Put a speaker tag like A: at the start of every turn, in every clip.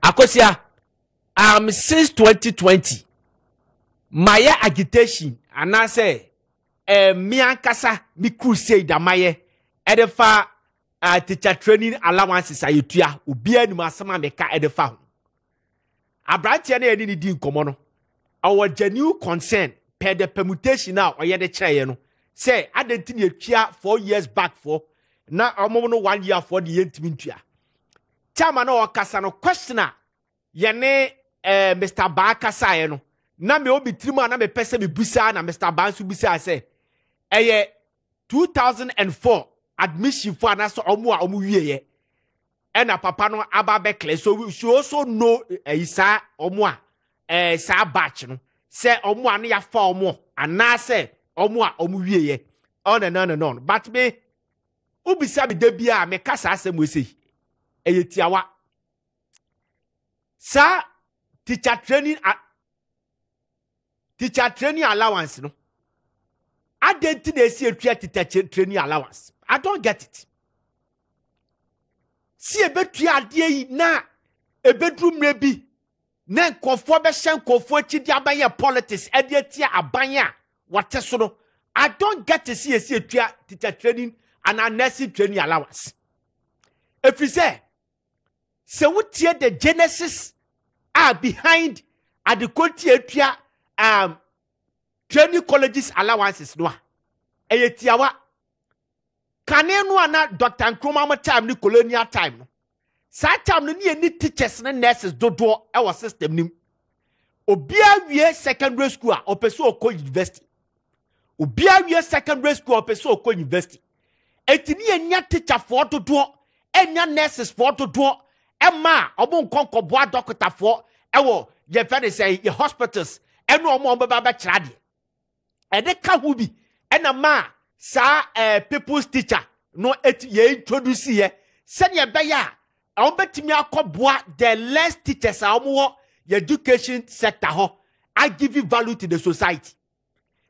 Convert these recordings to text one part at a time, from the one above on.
A: akosia um, since 2020 mayɛ agitation anaasɛ ɛɛ eh, miankasa mi crusade amayɛ ɛde fa uh, teacher training allowances a yɛtua obiara nim asɛm a meka ɛde fa ho aberanteɛ no yɛne ne di nkɔmmɔ no ɔwɔ genuine concern per the permutation a ɔyɛ de kyerɛeɛ no sɛ adanti na yɛtua four years back for na ɔmo no one year for deɛ yɛntumi ntua Chama na ɔkasa no question a yɛne ɛɛ eh, mr baa kasaeɛ no na me obi tirim a na mɛ pɛ sɛ mɛ busa na mr baa nso busa sɛ ɛyɛ two thousand and four admission fo anaasɛ ɔmo a ɔmo wie yɛ ɛna papa no aba abɛkɛlɛ so she also know ɛyi eh, saa ɔmo a ɛɛ eh, saa batch no sɛ ɔmo a no yafa ɔmo anaasɛ ɔmo a ɔmo wie yɛ ɔn and but me obisa mi de bi a mɛ kasa asɛm wɔ sɛ yi ɛyɛ tiawa saa teacher training teacher training allowance no adan ti na esi etua teacher training allowance i don get it si ebetua adeɛ yi na ebeduru mmerɛ bi na nkɔfoɔ bɛhyɛ nkɔfoɔ akyi de abɛyɛ politics ɛde etia aban a wɔte so no i don get it si esi etua teacher training and nursing training allowance efisɛ. So what wotie the genesis are behind adekonti atua um, training colleges allowances no a ɛyɛ tiawa kane no a na dr nkromam time ne colonial time no saa time no ne yɛni teachers ne nurses dodoɔ was system nim obiara wie secondary school a ɔpɛ sɛ ɔkɔ university obiara wie secondary school a ɔpɛ sɛ ɔkɔ university eti ne teacher foɔ dodoɔ ɛnya nurses foɔ dodoɔ ɛma a ɔmo nkɔ nkɔboa dɔkotafoɔ ɛwɔ sɛ yɛ hospitals ɛne ɔmo ɔmo bɛba bɛkyerɛ adeɛ ɛde ka ho bi ɛna ma saa ɛɛ people's teacher no eti yɛ introduce yɛ sɛdeɛ ɛbɛyɛ a ɔmo bɛtumi akɔboa the less teachers a ɔmo wɔ yɛ education sector hɔ give value to the society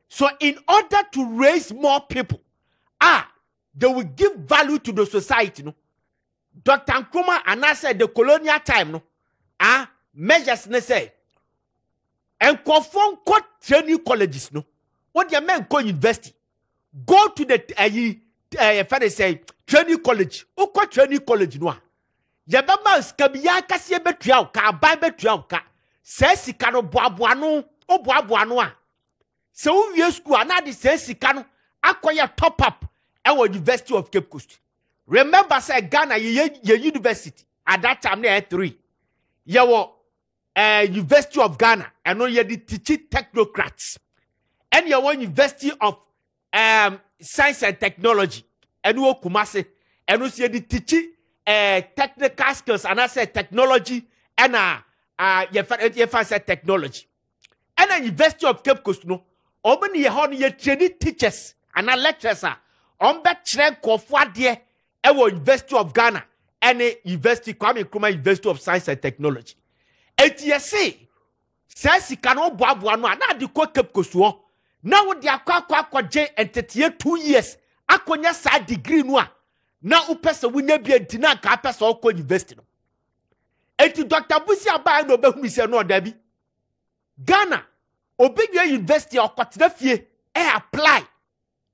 A: so in order to raise more people ah they will give value to the society no. dr nkrumah anaasɛ the colonial time no ah measures ne sɛ nkurɔfoɔ nkɔ training colleges no wɔdeɛ mɛ nkɔ university go to the ayi ɛyɛ fɛ de sɛ training college wokɔ training college no a yɛbɛma sika bi yɛ akaseɛ bɛtua wo ka aban bɛtua wo ka saa sika no boaboa no woboaboa no a sɛ wowie school a na de saa sika no akɔyɛ top up ɛwɔ university of cape coast remember say ghana yɛ university at that time na had three You were uh, ɛɛ university of ghana you yɛ the teach technocrats And you wɔ university of um, science and technology and ɛno wɔ kumase and you yɛ the teach ɛɛ uh, technical skills said technology and uh, yɛfa yɛfa sɛ technology the university of cape coast no wɔn ne yɛ training teachers ana lecturers a wɔn bɛ kyerɛ ɛwɔ university of ghana ɛne university kwame nkrumah university of science and technology eti yɛse saa sika no boaboa no a na ade kɔ cape coast hɔ na wode akɔ akɔ akɔgye nteteɛ two years akɔnya saa degree no a na wopɛ sɛ wonya bi nti na nka apɛ sɛ ɔkɔ university no eti dr busi abaa na ɔbɛhunu sɛ no ɔda bi ghana obi wie university a ɔkɔtena fie ɛ apply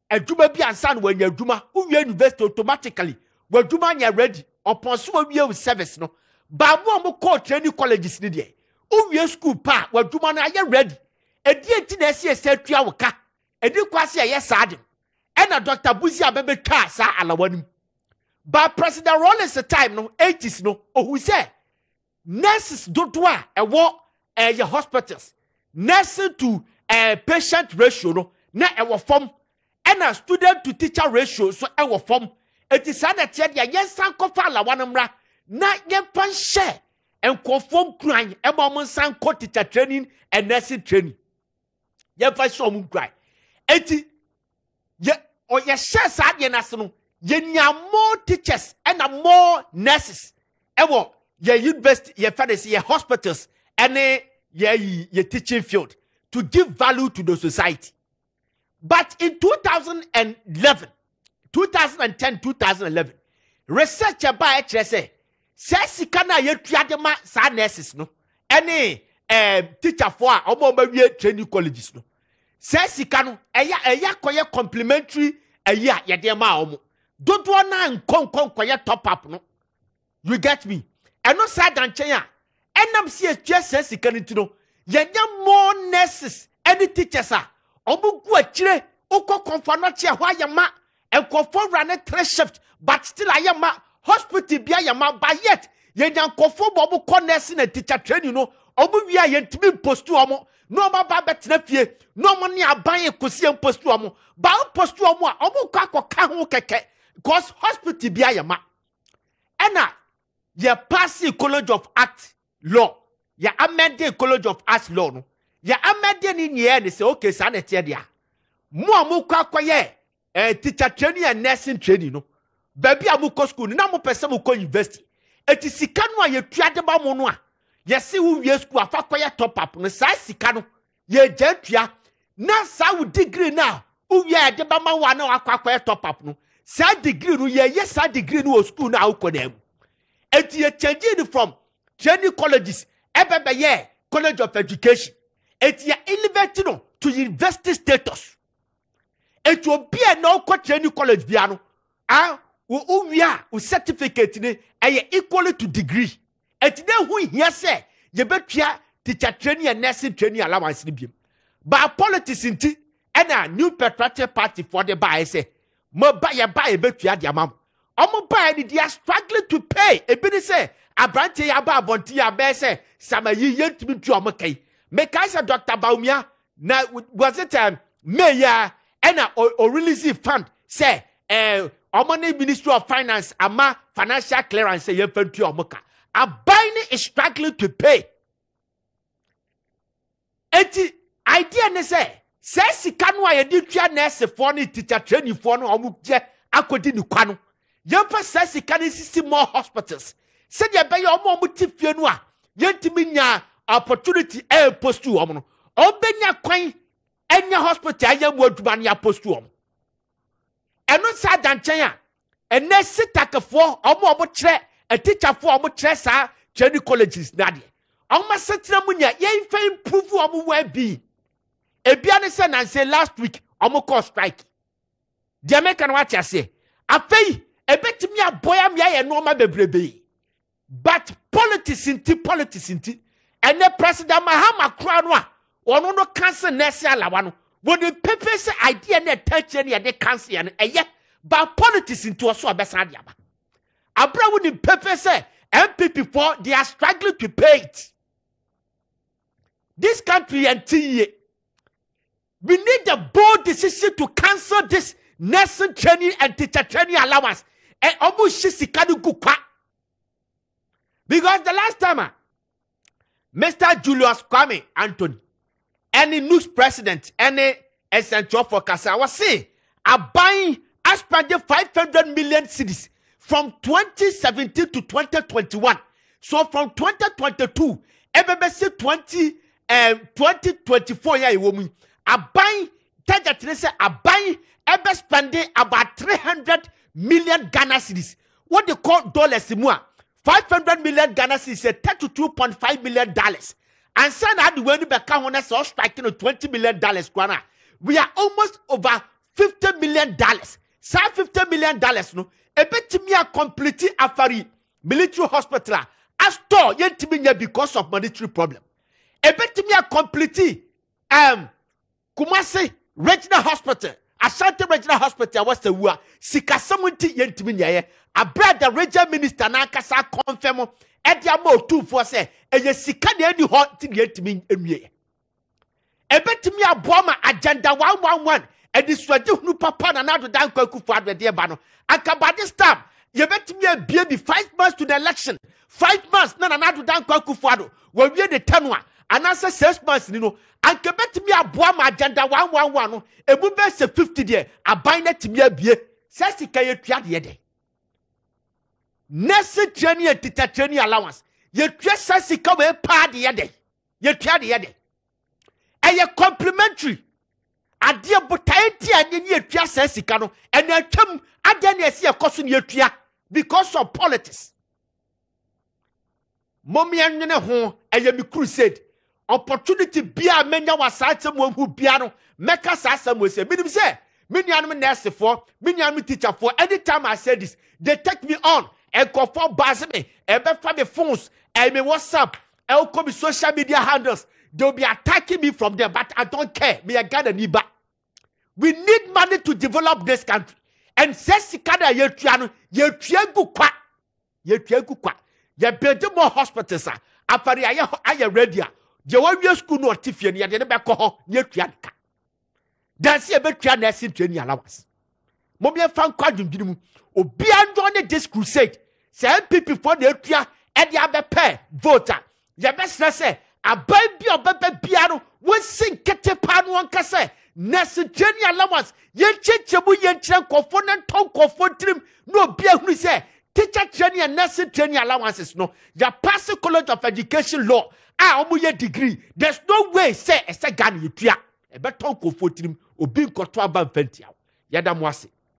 A: adwuma bi ansa na wanya adwuma wowie university automatically wadwuma nyɛ ready ɔpɔn so wawie wo service no baabu a wɔkɔɔ training colleges ni deɛ wowie school pa a wadwuma no ayɛ ready ɛdi eti na ɛsi ɛsɛ atua wo ka ɛdi kɔ ase ɛyɛ saa de ɛna dr buzi a bɛbɛ twa saa alawa no mu ba president rollins time no 80s no ohun sɛ nurses dodoɔ a ɛwɔ ɛyɛ hospitals Nurses to ɛɛ eh, patient ratio no na ɛwɔ fam ɛna student to teacher ratio so ɛwɔ fam eti saa na teɛ deɛ yɛnsan kɔfa la no mmra na yɛmfa nhyɛ nkurɔfoɔ nkuran ɛma wɔn san kɔ teacher training and nursing training yɛmfa nhyɛ wɔn nkuran ye yɛ ɔyɛhyɛ saa deɛ n'ase no yɛnya more teachers ɛna more nurses ɛwɔ eh, ye university ye de ye hospitals ɛne eh, ye ye teaching field to give value to the society. But in 2011, 2010, 2011, researcher by HSA, says sika no a yɛtua nurses no ne eh, teacherfoɔ a wɔn a wɔawie training colleges no saa sika no ɛyɛ ɛyɛ akɔyɛ complementary ayi a yɛde ma wɔn dodoɔ naa nkɔnkɔ nkɔyɛ top up no you get me ɛno saa dankyɛn a ɛnam si etua saa sika no ti no yɛnyɛ more nurses any teachers a. ɔbubu akyire wokɔ kɔnfa nɔkye a hɔ ayɛ ma nkɔfo wura ne three shift but still ayɛ ma hospital bi ayɛ ma but yet yɛnya nkɔfo bɔ ɔmo kɔ nɛɛsi na teacher training no ɔmo wie a yɛntumi mpostu ɔmo na ɔmo aba abɛtena fie na ɔmo ne aban ekosi yɛ mpostu ɔmo ba mpostu ɔmo a ɔmo kɔ akɔka ho kɛkɛ because hospital bi ayɛ ma ɛna yɛ paasi college of art law yɛ amending college of art law no yɛ amadi ni nyɛɛ ne sɛ oke saa na ɛteɛ deɛ mo a mokɔ akɔyɛ ɛɛ teacher training and nursing training no baabi a mokɔ school no na mopɛ sɛ mokɔ university eti sika no a yɛtua de ba mo no a yɛsi wo wie school afa kɔyɛ top up no saa sika no yɛgya tua na saa wo degree no a wo wie a ba ma wo a na wakɔ akɔyɛ top up no saa degree no yɛyɛ saa degree no wɔ school no a wokɔ na mu eti yɛ change it from training colleges ɛbɛbɛyɛ e college of education eti yɛ elevate no to university status etu obi a na ɔkɔ kyerɛ ni college bia no a wò owia wò certificate ni ɛyɛ equally to degree eti na ehu hia sɛ yɛbɛtua teacher training and nursing training allowance ni biem baa politics nti ɛna new patriotic party for de baa yɛ sɛ mo ba yɛ ba yɛ bɛtua di ama mo ɔmo baa yɛ ni they are struggling to pay ebi ni sɛ aberanteɛ yɛ aba abɔnten yɛ abɛɛ sɛ samayi yɛntumi tu ɔmo kɛyi. Mekaisa dr baumia na was it um, meya ɛna ɔrelease fund sɛ ɛɛ eh, ɔmo ne ministry of finance ama financial clearance yɛn fɛn tuya ɔmo ka aban ne is struggling to pay eti idea ne sɛ sɛ sika no a yɛde tua nɛɛsefoɔ ne teacher trainingfoɔ no a ɔmo gyɛ akɔdi ne kwa no yɛn fɛ sɛ sika ne sisi more hospitals sɛdeɛ ɛbɛyɛ ɔmo a ɔmo te fie no a yɛntumi nyaa opportunity ɛyɛ postu wɔn no ɔbɛnya kwan ɛnya hospital ɛyɛ mu adwuma no yɛ postu wɔn ɛno nsa adankyɛn a ɛnɛ sitakafoɔ ɔmo ɔmo kyerɛ ɛtikyafoɔ ɔmo kyerɛ saa training colleges n'adeɛ ɔmo asetena mu nyɛ yɛn fɛ improve ɔmo well being ebia ne sɛ last week ɔmo kɔ strike deɛ meka no wate aseɛ afei ebetumi aboa mi ayɛ nneɛma bebrebe but politics nti politics nti. ɛnɛ president mahama kura no a ɔno no kansi nɛɛsi alawa no wɔde pepe sɛ idea na ɛtɛn kyerɛ any yɛde kansi yɛ no ɛyɛ ba politics nti ɔso ɔbɛsan de aba abrawo ne the sɛ npp fo they are struggling to pay it this country and ti we need a bold decision to cancel this nursing training and teacher training allowance And almost si sika no gu because the last time ah. mr julius kwame anthony ɛne news president ɛne for kasa wɔse aban aspagye five hundred million cedis from twenty seventeen to twenty twenty one so from twenty twenty two eh, ɛbɛbɛsi twenty twenty twenty four yɛ a ɛwɔ mu aban target ne sɛ aban ɛbɛ spende about three hundred million ghana cedis wɔde kɔ dollars mu a. Ah? 500 million Ghana cedis yɛ 32.5 million dollars ansa na adi wɔn ani bɛka ho na sɛ ɔstrike no 20 million dollars kwan a we are almost over 50 million dollars saa 50 million dollars no ebetumi a complete afari military hospital a astɔ yɛntumi nya because of monetary problem ebetumi a complete um, kumasi regional hospital asante regional hospital a wɔsɛ wu a sikasɛm nti yɛntumi nyɛɛ abira da regional minister n'ankasa kɔnfɛm ɛde ama otuufoɔ sɛ ɛyɛ sika na ɛni hɔ ti na yɛntumi nwie ebetumi aboa ma agenda one one one ɛdisuade hunu papa na n'adoda nkɔ ekufu adodeɛ ba no akabade stamp yɛbɛtumi abie bi five months to the election five months na na n'adoda nkɔ ekufu ado wɔwie ne tɛnua. anaasɛ six months ni no anka bɛtumi aboa ma agenda one one one no emu bɛ sɛ fifty deɛ aban na tumi abie sɛ sika yɛ tua deɛ dɛ nursing journey and teacher training allowance yɛ tua sɛ the wɔ paa deɛ dɛ yɛ tua deɛ dɛ ɛyɛ complementary adeɛ botae ti a nyɛ yɛ tua sɛ sika no ɛna atwam adeɛ na yɛsi ɛkɔ so na yɛ tua because of politics Mommy mɔmia nwene ho ɛyɛ mi crusade opportunity bia menya wasaate mu ahu bia no mɛka saa asɛm wɔ sɛ menim sɛ me nuanom nɛɛsefoɔ me for. teacherfoɔ anytime i say this they take me on and nkɔfoɔ baase me ɛbɛfa me phones me whatsapp ɛwokɔ me social media handles they will be attacking me from there but i don't care meyɛ ghana ni ba we need money to develop this country and sɛ sika no a yɛtua no yɛtua gu kwa yɛtua gu kwa build more hospitals a afare aye ayɛ ready deɛ wawie sukuu na ɔte fie no yɛde ne bɛkɔ hɔ na yɛtua ne ka dansi yɛbɛtua na ɛsi ntua ne allowance mɔmi yɛfa nkɔ adwendwene mu obiara ndɔ ne dis crusade sɛ npp foɔ na etua ɛde abɛpɛ vote a yɛbɛsrɛ sɛ aban bi a ɔbɛbɛ bia no wɔsi nkete paa no wɔn kasa nɛsi ntua ne allowance yɛnkyɛnkyɛn mu yɛnkyerɛ nkɔfoɔ ne ntɔ nkɔfoɔ tirim na obi ehunu sɛ teacher training and nursing training allowances no yɛ pass college of education law a wɔyɛ degree there's no way sɛ ɛsɛ ghana yɛtua ɛbɛtɔ nkurɔfoɔ tirim obi nkɔtɔ aba mfa ntia yɛda mo ase